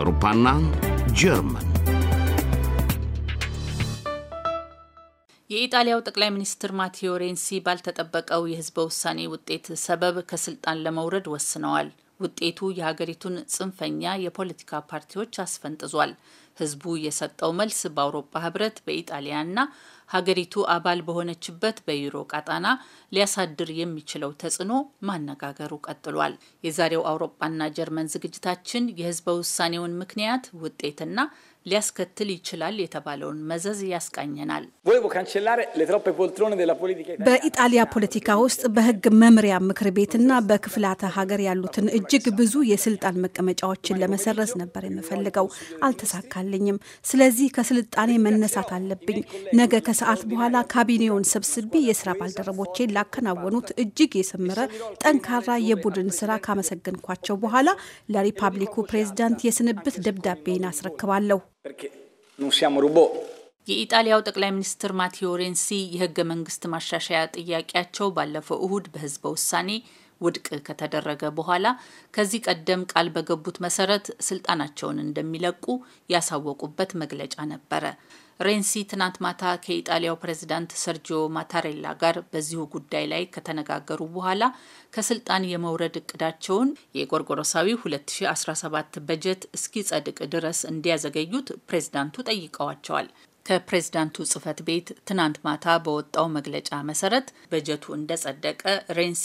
አውሮፓና ጀርመን የኢጣሊያው ጠቅላይ ሚኒስትር ማቴዎ ሬንሲ ባልተጠበቀው የህዝበ ውሳኔ ውጤት ሰበብ ከስልጣን ለመውረድ ወስነዋል። ውጤቱ የሀገሪቱን ጽንፈኛ የፖለቲካ ፓርቲዎች አስፈንጥዟል። ህዝቡ የሰጠው መልስ በአውሮፓ ህብረት፣ በኢጣሊያና ሀገሪቱ አባል በሆነችበት በዩሮ ቀጣና ሊያሳድር የሚችለው ተጽዕኖ ማነጋገሩ ቀጥሏል። የዛሬው አውሮፓና ጀርመን ዝግጅታችን የህዝበ ውሳኔውን ምክንያት ውጤትና ሊያስከትል ይችላል የተባለውን መዘዝ ያስቃኘናል። በኢጣሊያ ፖለቲካ ውስጥ በሕግ መምሪያ ምክር ቤትና በክፍላተ ሀገር ያሉትን እጅግ ብዙ የስልጣን መቀመጫዎችን ለመሰረዝ ነበር የምፈልገው፣ አልተሳካልኝም። ስለዚህ ከስልጣኔ መነሳት አለብኝ። ነገ ከሰዓት በኋላ ካቢኔውን ሰብስቤ የስራ ባልደረቦቼ ላከናወኑት እጅግ የሰመረ ጠንካራ የቡድን ስራ ካመሰገንኳቸው በኋላ ለሪፓብሊኩ ፕሬዚዳንት የስንብት ደብዳቤን አስረክባለሁ። የኢጣሊያው ጠቅላይ ሚኒስትር ማቴዎ ሬንሲ የህገ መንግስት ማሻሻያ ጥያቄያቸው ባለፈው እሁድ በህዝበ ውሳኔ ውድቅ ከተደረገ በኋላ ከዚህ ቀደም ቃል በገቡት መሰረት ስልጣናቸውን እንደሚለቁ ያሳወቁበት መግለጫ ነበረ። ሬንሲ ትናንት ማታ ከኢጣሊያው ፕሬዚዳንት ሰርጂዮ ማታሬላ ጋር በዚሁ ጉዳይ ላይ ከተነጋገሩ በኋላ ከስልጣን የመውረድ እቅዳቸውን የጎርጎሮሳዊ 2017 በጀት እስኪጸድቅ ድረስ እንዲያዘገዩት ፕሬዚዳንቱ ጠይቀዋቸዋል። ከፕሬዝዳንቱ ጽህፈት ቤት ትናንት ማታ በወጣው መግለጫ መሰረት በጀቱ እንደጸደቀ ሬንሲ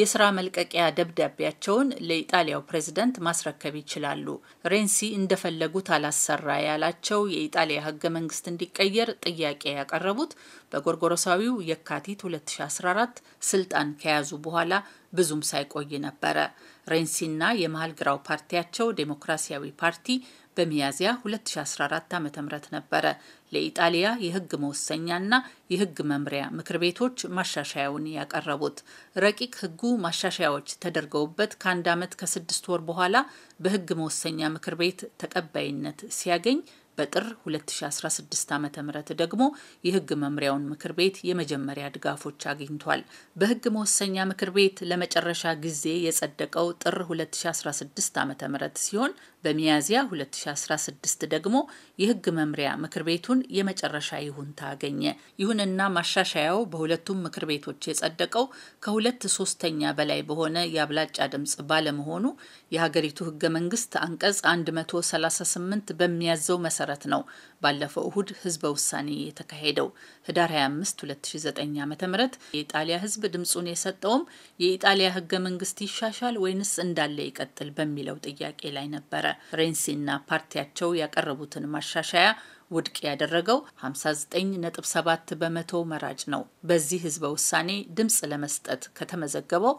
የስራ መልቀቂያ ደብዳቤያቸውን ለኢጣሊያው ፕሬዝደንት ማስረከብ ይችላሉ። ሬንሲ እንደፈለጉት አላሰራ ያላቸው የኢጣሊያ ህገ መንግስት እንዲቀየር ጥያቄ ያቀረቡት በጎርጎሮሳዊው የካቲት 2014 ስልጣን ከያዙ በኋላ ብዙም ሳይቆይ ነበረ። ሬንሲና የመሀል ግራው ፓርቲያቸው ዴሞክራሲያዊ ፓርቲ በሚያዝያ 2014 ዓ.ም ነበረ ለኢጣሊያ የህግ መወሰኛና የህግ መምሪያ ምክር ቤቶች ማሻሻያውን ያቀረቡት። ረቂቅ ህጉ ማሻሻያዎች ተደርገውበት ከአንድ ዓመት ከስድስት ወር በኋላ በህግ መወሰኛ ምክር ቤት ተቀባይነት ሲያገኝ በጥር 2016 ዓ ም ደግሞ የህግ መምሪያውን ምክር ቤት የመጀመሪያ ድጋፎች አግኝቷል። በህግ መወሰኛ ምክር ቤት ለመጨረሻ ጊዜ የጸደቀው ጥር 2016 ዓ ም ሲሆን በሚያዝያ 2016 ደግሞ የህግ መምሪያ ምክር ቤቱን የመጨረሻ ይሁንታ አገኘ። ይሁንና ማሻሻያው በሁለቱም ምክር ቤቶች የጸደቀው ከሁለት ሶስተኛ በላይ በሆነ የአብላጫ ድምፅ ባለመሆኑ የሀገሪቱ ህገ መንግስት አንቀጽ 138 በሚያዘው መሰረት ነው ባለፈው እሁድ ህዝበ ውሳኔ የተካሄደው። ህዳር 25 2009 ዓ ም የኢጣሊያ ህዝብ ድምፁን የሰጠውም የኢጣሊያ ህገ መንግስት ይሻሻል ወይንስ እንዳለ ይቀጥል በሚለው ጥያቄ ላይ ነበረ። ሬንሲና ፓርቲያቸው ያቀረቡትን ማሻሻያ ውድቅ ያደረገው 59.7 በመቶ መራጭ ነው። በዚህ ህዝበ ውሳኔ ድምፅ ለመስጠት ከተመዘገበው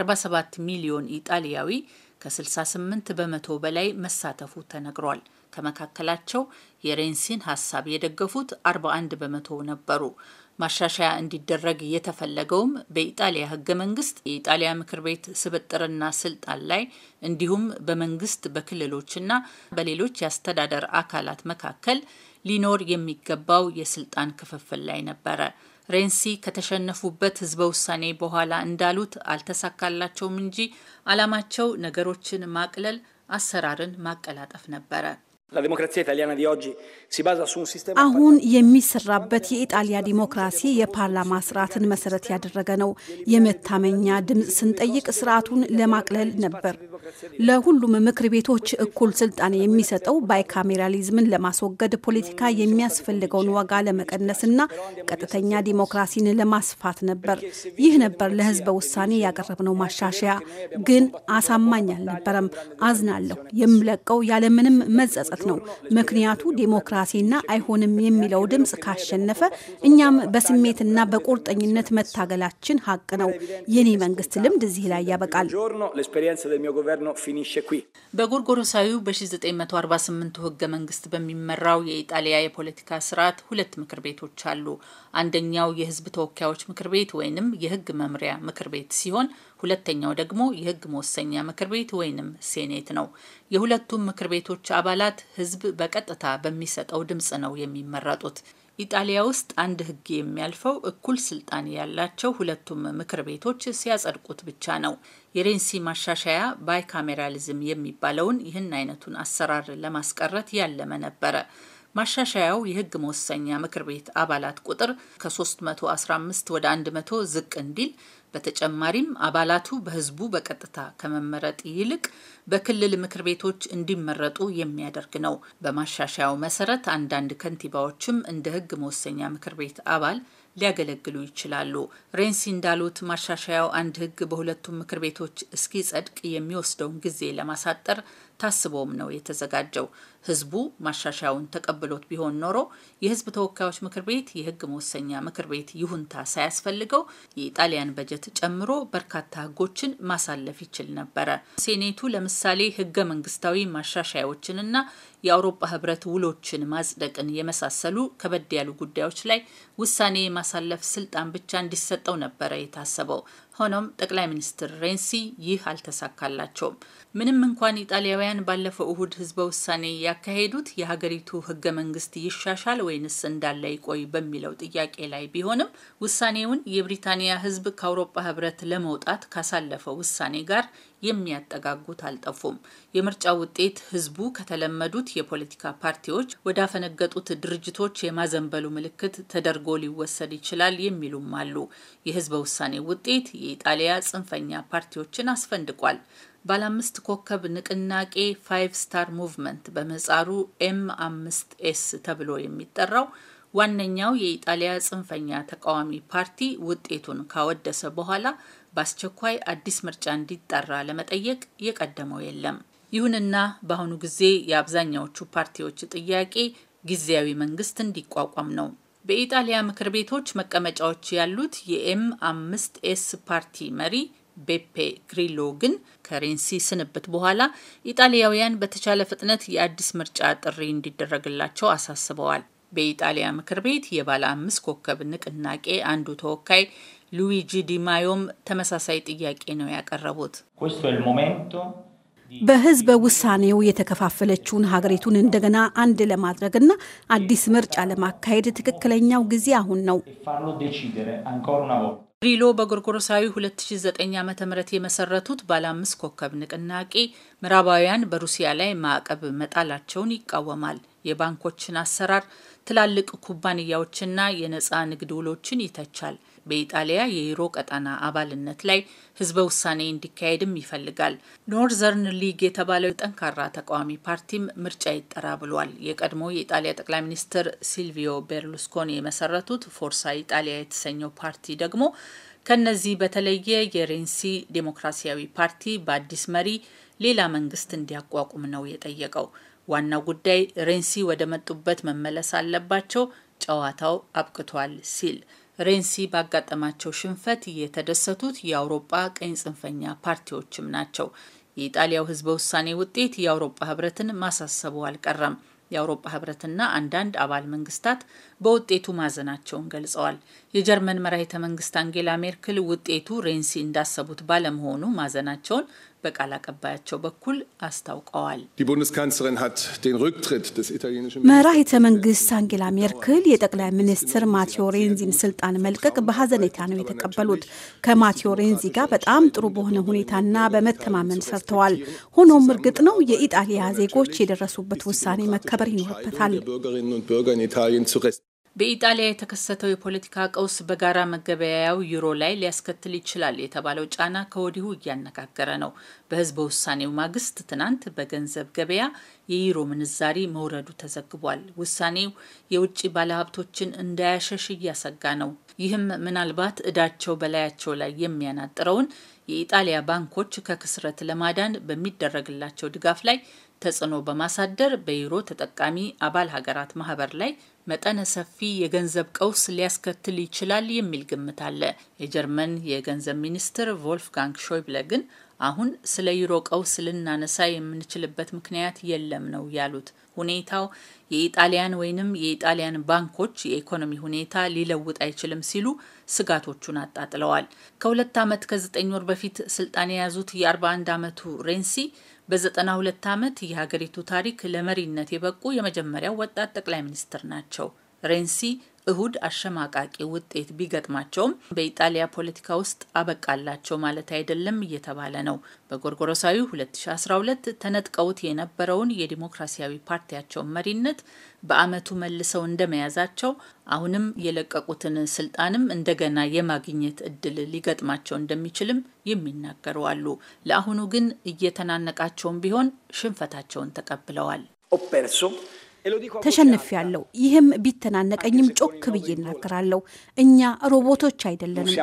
47 ሚሊዮን ኢጣሊያዊ ከ68 በመቶ በላይ መሳተፉ ተነግሯል። ከመካከላቸው የሬንሲን ሀሳብ የደገፉት 41 በመቶ ነበሩ። ማሻሻያ እንዲደረግ የተፈለገውም በኢጣሊያ ህገ መንግስት የኢጣሊያ ምክር ቤት ስብጥርና ስልጣን ላይ እንዲሁም በመንግስት በክልሎችና በሌሎች የአስተዳደር አካላት መካከል ሊኖር የሚገባው የስልጣን ክፍፍል ላይ ነበረ። ሬንሲ ከተሸነፉበት ህዝበ ውሳኔ በኋላ እንዳሉት አልተሳካላቸውም እንጂ አላማቸው ነገሮችን ማቅለል፣ አሰራርን ማቀላጠፍ ነበረ። አሁን የሚሰራበት የኢጣሊያ ዲሞክራሲ የፓርላማ ስርዓትን መሰረት ያደረገ ነው። የመታመኛ ድምፅ ስንጠይቅ ስርዓቱን ለማቅለል ነበር። ለሁሉም ምክር ቤቶች እኩል ስልጣን የሚሰጠው ባይካሜራሊዝምን ለማስወገድ ፖለቲካ የሚያስፈልገውን ዋጋ ለመቀነስና ቀጥተኛ ዲሞክራሲን ለማስፋት ነበር። ይህ ነበር ለህዝበ ውሳኔ ያቀረብነው ማሻሻያ። ግን አሳማኝ አልነበረም። አዝናለሁ። የምለቀው ያለምንም መጸጸት ማለት ነው። ምክንያቱ ዴሞክራሲና አይሆንም የሚለው ድምፅ ካሸነፈ እኛም በስሜትና በቁርጠኝነት መታገላችን ሀቅ ነው። የኔ መንግስት ልምድ እዚህ ላይ ያበቃል። በጎርጎሮሳዊው በ1948 ህገ መንግስት በሚመራው የኢጣሊያ የፖለቲካ ስርዓት ሁለት ምክር ቤቶች አሉ። አንደኛው የህዝብ ተወካዮች ምክር ቤት ወይንም የህግ መምሪያ ምክር ቤት ሲሆን ሁለተኛው ደግሞ የህግ መወሰኛ ምክር ቤት ወይንም ሴኔት ነው። የሁለቱም ምክር ቤቶች አባላት ህዝብ በቀጥታ በሚሰጠው ድምፅ ነው የሚመረጡት። ኢጣሊያ ውስጥ አንድ ህግ የሚያልፈው እኩል ስልጣን ያላቸው ሁለቱም ምክር ቤቶች ሲያጸድቁት ብቻ ነው። የሬንሲ ማሻሻያ ባይካሜራሊዝም የሚባለውን ይህን አይነቱን አሰራር ለማስቀረት ያለመ ነበረ። ማሻሻያው የህግ መወሰኛ ምክር ቤት አባላት ቁጥር ከ315 ወደ 100 ዝቅ እንዲል በተጨማሪም አባላቱ በህዝቡ በቀጥታ ከመመረጥ ይልቅ በክልል ምክር ቤቶች እንዲመረጡ የሚያደርግ ነው። በማሻሻያው መሰረት አንዳንድ ከንቲባዎችም እንደ ህግ መወሰኛ ምክር ቤት አባል ሊያገለግሉ ይችላሉ። ሬንሲ እንዳሉት ማሻሻያው አንድ ህግ በሁለቱም ምክር ቤቶች እስኪጸድቅ የሚወስደውን ጊዜ ለማሳጠር ታስቦም ነው የተዘጋጀው። ህዝቡ ማሻሻያውን ተቀብሎት ቢሆን ኖሮ የህዝብ ተወካዮች ምክር ቤት የህግ መወሰኛ ምክር ቤት ይሁንታ ሳያስፈልገው የኢጣሊያን በጀት ጨምሮ በርካታ ህጎችን ማሳለፍ ይችል ነበረ። ሴኔቱ ለምሳሌ ህገ መንግስታዊ ማሻሻያዎችንና የአውሮፓ ህብረት ውሎችን ማጽደቅን የመሳሰሉ ከበድ ያሉ ጉዳዮች ላይ ውሳኔ የማሳለፍ ስልጣን ብቻ እንዲሰጠው ነበረ የታሰበው። ሆኖም ጠቅላይ ሚኒስትር ሬንሲ ይህ አልተሳካላቸውም። ምንም እንኳን ኢጣሊያውያን ባለፈው እሁድ ህዝበ ውሳኔ ያካሄዱት የሀገሪቱ ህገ መንግስት ይሻሻል ወይንስ እንዳለ ይቆይ በሚለው ጥያቄ ላይ ቢሆንም ውሳኔውን የብሪታንያ ህዝብ ከአውሮፓ ህብረት ለመውጣት ካሳለፈው ውሳኔ ጋር የሚያጠጋጉት አልጠፉም። የምርጫ ውጤት ህዝቡ ከተለመዱት የፖለቲካ ፓርቲዎች ወዳፈነገጡት ድርጅቶች የማዘንበሉ ምልክት ተደርጎ ሊወሰድ ይችላል የሚሉም አሉ። የህዝበ ውሳኔ ውጤት የኢጣሊያ ጽንፈኛ ፓርቲዎችን አስፈንድቋል። ባለ አምስት ኮከብ ንቅናቄ ፋይቭ ስታር ሙቭመንት በምህጻሩ ኤም አምስት ኤስ ተብሎ የሚጠራው ዋነኛው የኢጣሊያ ጽንፈኛ ተቃዋሚ ፓርቲ ውጤቱን ካወደሰ በኋላ በአስቸኳይ አዲስ ምርጫ እንዲጠራ ለመጠየቅ የቀደመው የለም። ይሁንና በአሁኑ ጊዜ የአብዛኛዎቹ ፓርቲዎች ጥያቄ ጊዜያዊ መንግስት እንዲቋቋም ነው። በኢጣሊያ ምክር ቤቶች መቀመጫዎች ያሉት የኤም አምስት ኤስ ፓርቲ መሪ ቤፔ ግሪሎ ግን ከሬንሲ ስንብት በኋላ ኢጣሊያውያን በተቻለ ፍጥነት የአዲስ ምርጫ ጥሪ እንዲደረግላቸው አሳስበዋል። በኢጣሊያ ምክር ቤት የባለ አምስት ኮከብ ንቅናቄ አንዱ ተወካይ ሉዊጂ ዲማዮም ተመሳሳይ ጥያቄ ነው ያቀረቡት። በህዝበ ውሳኔው የተከፋፈለችውን ሀገሪቱን እንደገና አንድ ለማድረግና አዲስ ምርጫ ለማካሄድ ትክክለኛው ጊዜ አሁን ነው። e ሪሎ በጎርጎሮሳዊ 2009 ዓ ም የመሰረቱት ባለ አምስት ኮከብ ንቅናቄ ምዕራባውያን በሩሲያ ላይ ማዕቀብ መጣላቸውን ይቃወማል። የባንኮችን አሰራር ትላልቅ ኩባንያዎችና የነፃ ንግድ ውሎችን ይተቻል። በኢጣሊያ የዩሮ ቀጠና አባልነት ላይ ህዝበ ውሳኔ እንዲካሄድም ይፈልጋል። ኖርዘርን ሊግ የተባለው ጠንካራ ተቃዋሚ ፓርቲም ምርጫ ይጠራ ብሏል። የቀድሞ የኢጣሊያ ጠቅላይ ሚኒስትር ሲልቪዮ ቤርሉስኮኒ የመሰረቱት ፎርሳ ኢጣሊያ የተሰኘው ፓርቲ ደግሞ ከነዚህ በተለየ የሬንሲ ዴሞክራሲያዊ ፓርቲ በአዲስ መሪ ሌላ መንግስት እንዲያቋቁም ነው የጠየቀው። ዋናው ጉዳይ ሬንሲ ወደ መጡበት መመለስ አለባቸው፣ ጨዋታው አብቅቷል ሲል ሬንሲ ባጋጠማቸው ሽንፈት የተደሰቱት የአውሮጳ ቀኝ ጽንፈኛ ፓርቲዎችም ናቸው። የኢጣሊያው ህዝበ ውሳኔ ውጤት የአውሮጳ ህብረትን ማሳሰቡ አልቀረም። የአውሮፓ ህብረትና አንዳንድ አባል መንግስታት በውጤቱ ማዘናቸውን ገልጸዋል። የጀርመን መራሄተ መንግስት አንጌላ ሜርክል ውጤቱ ሬንሲ እንዳሰቡት ባለመሆኑ ማዘናቸውን በቃል አቀባያቸው በኩል አስታውቀዋል። መራሂተ መንግስት አንጌላ ሜርክል የጠቅላይ ሚኒስትር ማቴዎ ሬንዚን ስልጣን መልቀቅ በሀዘኔታ ነው የተቀበሉት። ከማቴዎ ሬንዚ ጋር በጣም ጥሩ በሆነ ሁኔታና በመተማመን ሰርተዋል። ሆኖም እርግጥ ነው የኢጣሊያ ዜጎች የደረሱበት ውሳኔ መከበር ይኖርበታል። በኢጣሊያ የተከሰተው የፖለቲካ ቀውስ በጋራ መገበያያው ዩሮ ላይ ሊያስከትል ይችላል የተባለው ጫና ከወዲሁ እያነጋገረ ነው። በህዝበ ውሳኔው ማግስት ትናንት በገንዘብ ገበያ የዩሮ ምንዛሪ መውረዱ ተዘግቧል። ውሳኔው የውጭ ባለሀብቶችን እንዳያሸሽ እያሰጋ ነው። ይህም ምናልባት እዳቸው በላያቸው ላይ የሚያናጥረውን የኢጣሊያ ባንኮች ከክስረት ለማዳን በሚደረግላቸው ድጋፍ ላይ ተጽዕኖ በማሳደር በዩሮ ተጠቃሚ አባል ሀገራት ማህበር ላይ መጠነ ሰፊ የገንዘብ ቀውስ ሊያስከትል ይችላል የሚል ግምት አለ። የጀርመን የገንዘብ ሚኒስትር ቮልፍጋንግ ሾይብለ ግን አሁን ስለ ዩሮ ቀውስ ልናነሳ የምንችልበት ምክንያት የለም ነው ያሉት። ሁኔታው የኢጣሊያን ወይንም የኢጣሊያን ባንኮች የኢኮኖሚ ሁኔታ ሊለውጥ አይችልም ሲሉ ስጋቶቹን አጣጥለዋል። ከሁለት ዓመት ከዘጠኝ ወር በፊት ስልጣን የያዙት የ41 ዓመቱ ሬንሲ በ92 ዓመት የሀገሪቱ ታሪክ ለመሪነት የበቁ የመጀመሪያው ወጣት ጠቅላይ ሚኒስትር ናቸው። ሬንሲ እሁድ አሸማቃቂ ውጤት ቢገጥማቸውም በኢጣሊያ ፖለቲካ ውስጥ አበቃላቸው ማለት አይደለም እየተባለ ነው። በጎርጎሮሳዊ 2012 ተነጥቀውት የነበረውን የዲሞክራሲያዊ ፓርቲያቸውን መሪነት በአመቱ መልሰው እንደመያዛቸው አሁንም የለቀቁትን ስልጣንም እንደገና የማግኘት እድል ሊገጥማቸው እንደሚችልም የሚናገሩ አሉ። ለአሁኑ ግን እየተናነቃቸውም ቢሆን ሽንፈታቸውን ተቀብለዋል። ያለው ይህም ቢተናነቀኝም ጮክ ብዬ እናገራለሁ። እኛ ሮቦቶች አይደለንም።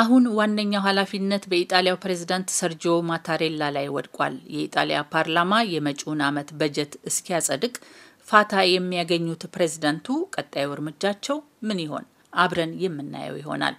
አሁን ዋነኛው ኃላፊነት በኢጣሊያው ፕሬዝዳንት ሰርጂዮ ማታሬላ ላይ ወድቋል። የኢጣሊያ ፓርላማ የመጪውን ዓመት በጀት እስኪያጸድቅ ፋታ የሚያገኙት ፕሬዝዳንቱ ቀጣዩ እርምጃቸው ምን ይሆን? አብረን የምናየው ይሆናል።